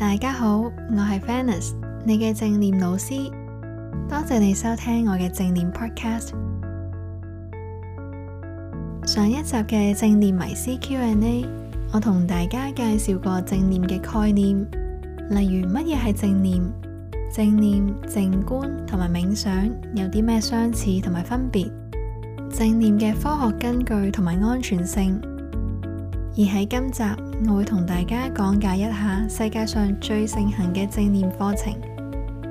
大家好，我係 Fennis，你嘅正念老師。多謝你收聽我嘅正念 Podcast。上一集嘅正念迷思 Q&A，我同大家介紹過正念嘅概念，例如乜嘢係正念，正念、靜觀同埋冥想有啲咩相似同埋分別，正念嘅科學根據同埋安全性。而喺今集，我會同大家講解一下世界上最盛行嘅正念課程，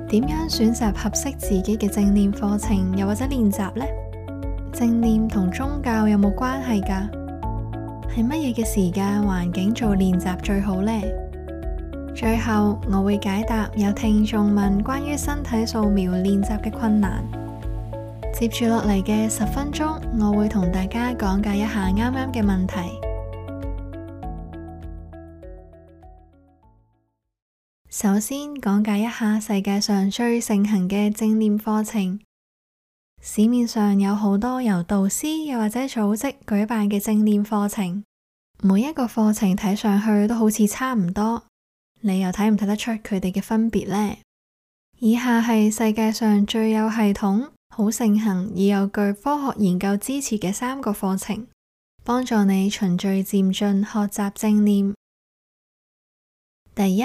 點樣選擇合適自己嘅正念課程，又或者練習呢？正念同宗教有冇關係㗎？係乜嘢嘅時間環境做練習最好呢？最後我會解答有聽眾問關於身體掃描練習嘅困難。接住落嚟嘅十分鐘，我會同大家講解一下啱啱嘅問題。首先講解一下世界上最盛行嘅正念課程。市面上有好多由導師又或者組織舉辦嘅正念課程，每一個課程睇上去都好似差唔多，你又睇唔睇得出佢哋嘅分別呢？以下係世界上最有系統、好盛行而又具科學研究支持嘅三個課程，幫助你循序漸進學習正念。第一。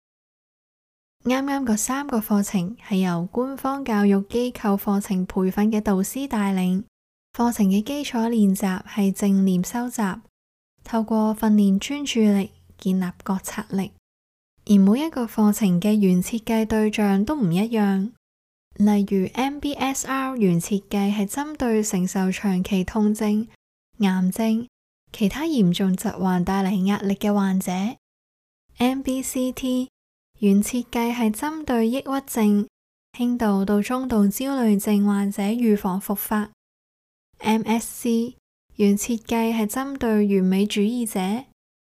啱啱嗰三個課程係由官方教育機構課程培訓嘅導師帶領，課程嘅基礎練習係正念修習，透過訓練專注力，建立覺察力。而每一個課程嘅原設計對象都唔一樣，例如 MBSR 原設計係針對承受長期痛症、癌症、其他嚴重疾患帶嚟壓力嘅患者，MBCT。原設計係針對抑鬱症輕度到中度焦慮症患者預防復發。MSC 原設計係針對完美主義者、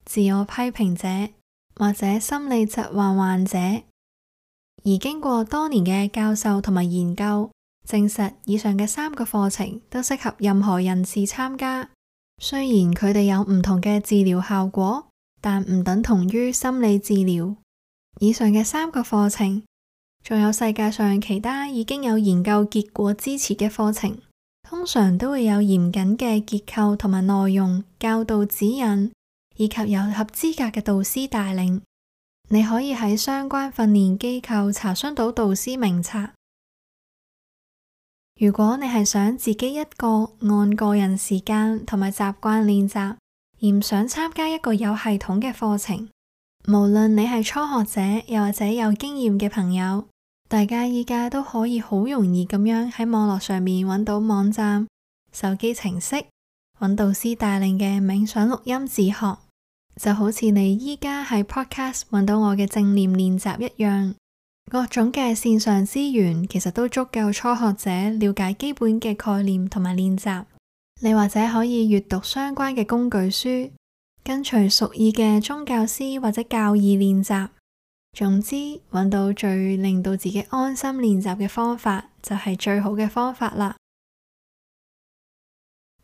自我批評者或者心理疾患患者。而經過多年嘅教授同埋研究，證實以上嘅三個課程都適合任何人士參加。雖然佢哋有唔同嘅治療效果，但唔等同於心理治療。以上嘅三個課程，仲有世界上其他已經有研究結果支持嘅課程，通常都會有嚴謹嘅結構同埋內容教導指引，以及有合資格嘅導師帶領。你可以喺相關訓練機構查詢到導師名冊。如果你係想自己一個按個人時間同埋習慣練習，而唔想參加一個有系統嘅課程。無論你係初學者，又或者有經驗嘅朋友，大家依家都可以好容易咁樣喺網絡上面揾到網站、手機程式、揾導師帶領嘅冥想錄音自學，就好似你依家喺 Podcast 揾到我嘅正念練習一樣。各種嘅線上資源其實都足夠初學者了解基本嘅概念同埋練習。你或者可以閱讀相關嘅工具書。跟隨屬意嘅宗教師或者教義練習，總之揾到最令到自己安心練習嘅方法，就係、是、最好嘅方法啦。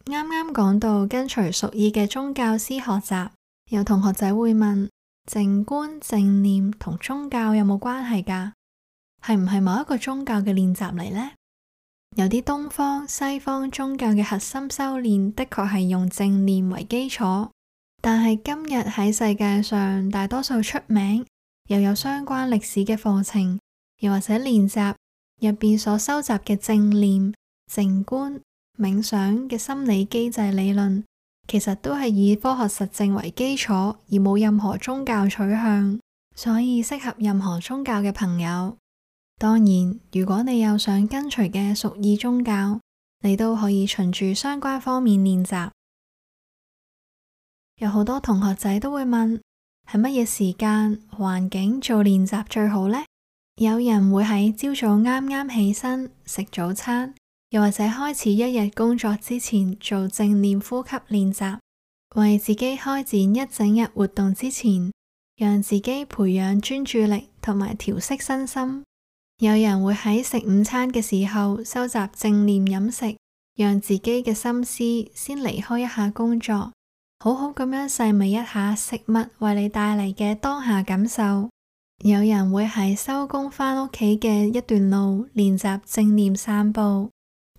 啱啱講到跟隨屬意嘅宗教師學習，有同學仔會問：靜觀、正念同宗教有冇關係噶？係唔係某一個宗教嘅練習嚟呢？有啲東方、西方宗教嘅核心修練，的確係用正念為基礎。但係今日喺世界上，大多數出名又有相關歷史嘅課程，又或者練習入邊所收集嘅正念、靜觀、冥想嘅心理機制理論，其實都係以科學實證為基礎，而冇任何宗教取向，所以適合任何宗教嘅朋友。當然，如果你有想跟隨嘅屬意宗教，你都可以循住相關方面練習。有好多同學仔都會問，係乜嘢時間環境做練習最好呢？有人會喺朝早啱啱起身食早餐，又或者開始一日工作之前做正念呼吸練習，為自己開展一整日活動之前，讓自己培養專注力同埋調適身心。有人會喺食午餐嘅時候收集正念飲食，讓自己嘅心思先離開一下工作。好好咁樣細味一下食物為你帶嚟嘅當下感受。有人會喺收工翻屋企嘅一段路練習正念散步，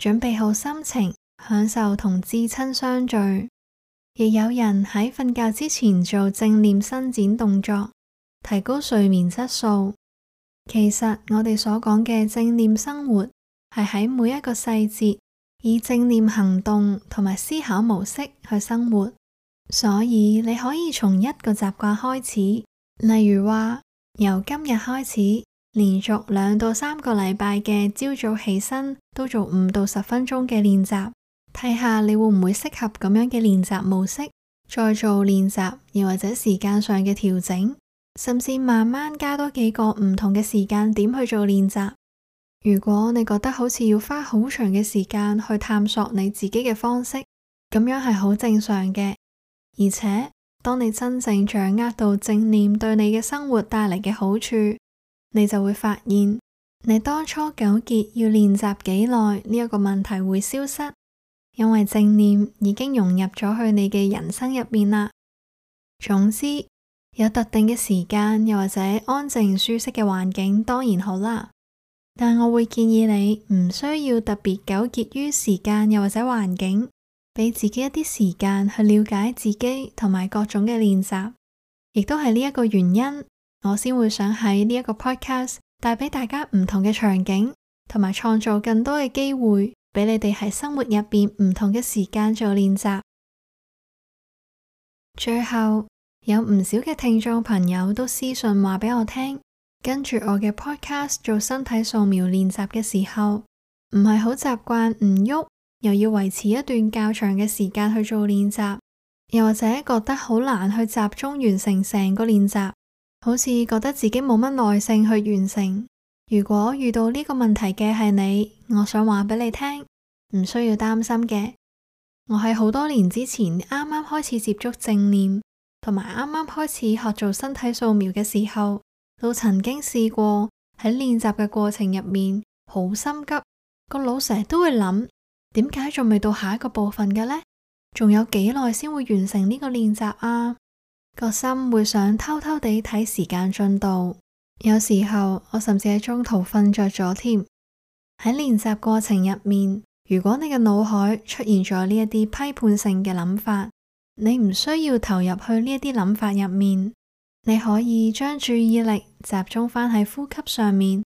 準備好心情，享受同至親相聚；亦有人喺瞓覺之前做正念伸展動作，提高睡眠質素。其實我哋所講嘅正念生活，係喺每一個細節，以正念行動同埋思考模式去生活。所以你可以從一個習慣開始，例如話由今日開始，連續兩到三個禮拜嘅朝早起身都做五到十分鐘嘅練習，睇下你會唔會適合咁樣嘅練習模式，再做練習，又或者時間上嘅調整，甚至慢慢加多幾個唔同嘅時間點去做練習。如果你覺得好似要花好長嘅時間去探索你自己嘅方式，咁樣係好正常嘅。而且，當你真正掌握到正念對你嘅生活帶嚟嘅好處，你就會發現你當初糾結要練習幾耐呢一個問題會消失，因為正念已經融入咗去你嘅人生入面啦。總之，有特定嘅時間又或者安靜舒適嘅環境當然好啦，但我會建議你唔需要特別糾結於時間又或者環境。俾自己一啲時間去了解自己同埋各種嘅練習，亦都係呢一個原因，我先會想喺呢一個 podcast 帶俾大家唔同嘅場景，同埋創造更多嘅機會，俾你哋喺生活入邊唔同嘅時間做練習。最後有唔少嘅聽眾朋友都私信話俾我聽，跟住我嘅 podcast 做身體掃描練習嘅時候，唔係好習慣唔喐。又要維持一段較長嘅時間去做練習，又或者覺得好難去集中完成成個練習，好似覺得自己冇乜耐性去完成。如果遇到呢個問題嘅係你，我想話俾你聽，唔需要擔心嘅。我喺好多年之前啱啱開始接觸正念，同埋啱啱開始學做身體掃描嘅時候，都曾經試過喺練習嘅過程入面好心急，個腦成日都會諗。點解仲未到下一個部分嘅呢？仲有幾耐先會完成呢個練習啊？個心會想偷偷地睇時間進度。有時候我甚至喺中途瞓着咗添。喺練習過程入面，如果你嘅腦海出現咗呢一啲批判性嘅諗法，你唔需要投入去呢一啲諗法入面，你可以將注意力集中翻喺呼吸上面。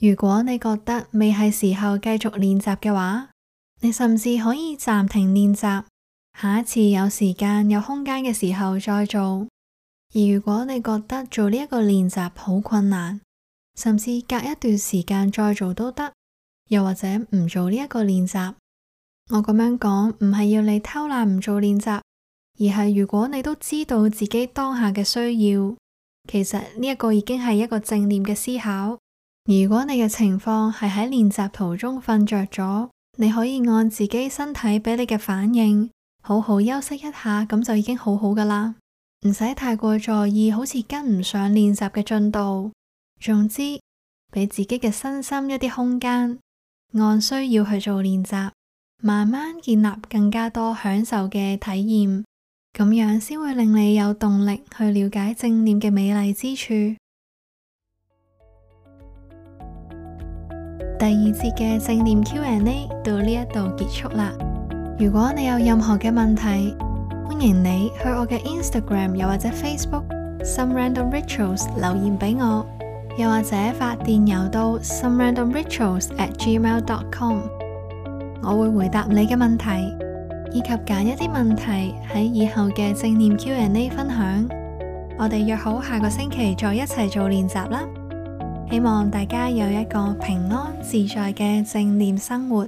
如果你覺得未係時候繼續練習嘅話，你甚至可以暫停練習，下一次有時間，有空間嘅時候再做。而如果你覺得做呢一個練習好困難，甚至隔一段時間再做都得，又或者唔做呢一個練習。我咁樣講，唔係要你偷懶唔做練習，而係如果你都知道自己當下嘅需要，其實呢一個已經係一個正念嘅思考。如果你嘅情況係喺練習途中瞓着咗。你可以按自己身體俾你嘅反應，好好休息一下，咁就已經好好噶啦，唔使太過在意，好似跟唔上練習嘅進度。總之，俾自己嘅身心一啲空間，按需要去做練習，慢慢建立更加多享受嘅體驗，咁樣先會令你有動力去了解正念嘅美麗之處。第二節嘅正念 Q&A 到呢一度結束啦。如果你有任何嘅問題，歡迎你去我嘅 Instagram 又或者 Facebook Some Random Rituals 留言俾我，又或者發電郵到 Some Random Rituals at gmail.com。我會回答你嘅問題，以及揀一啲問題喺以後嘅正念 Q&A 分享。我哋約好下個星期再一齊做練習啦。希望大家有一個平安自在嘅正念生活。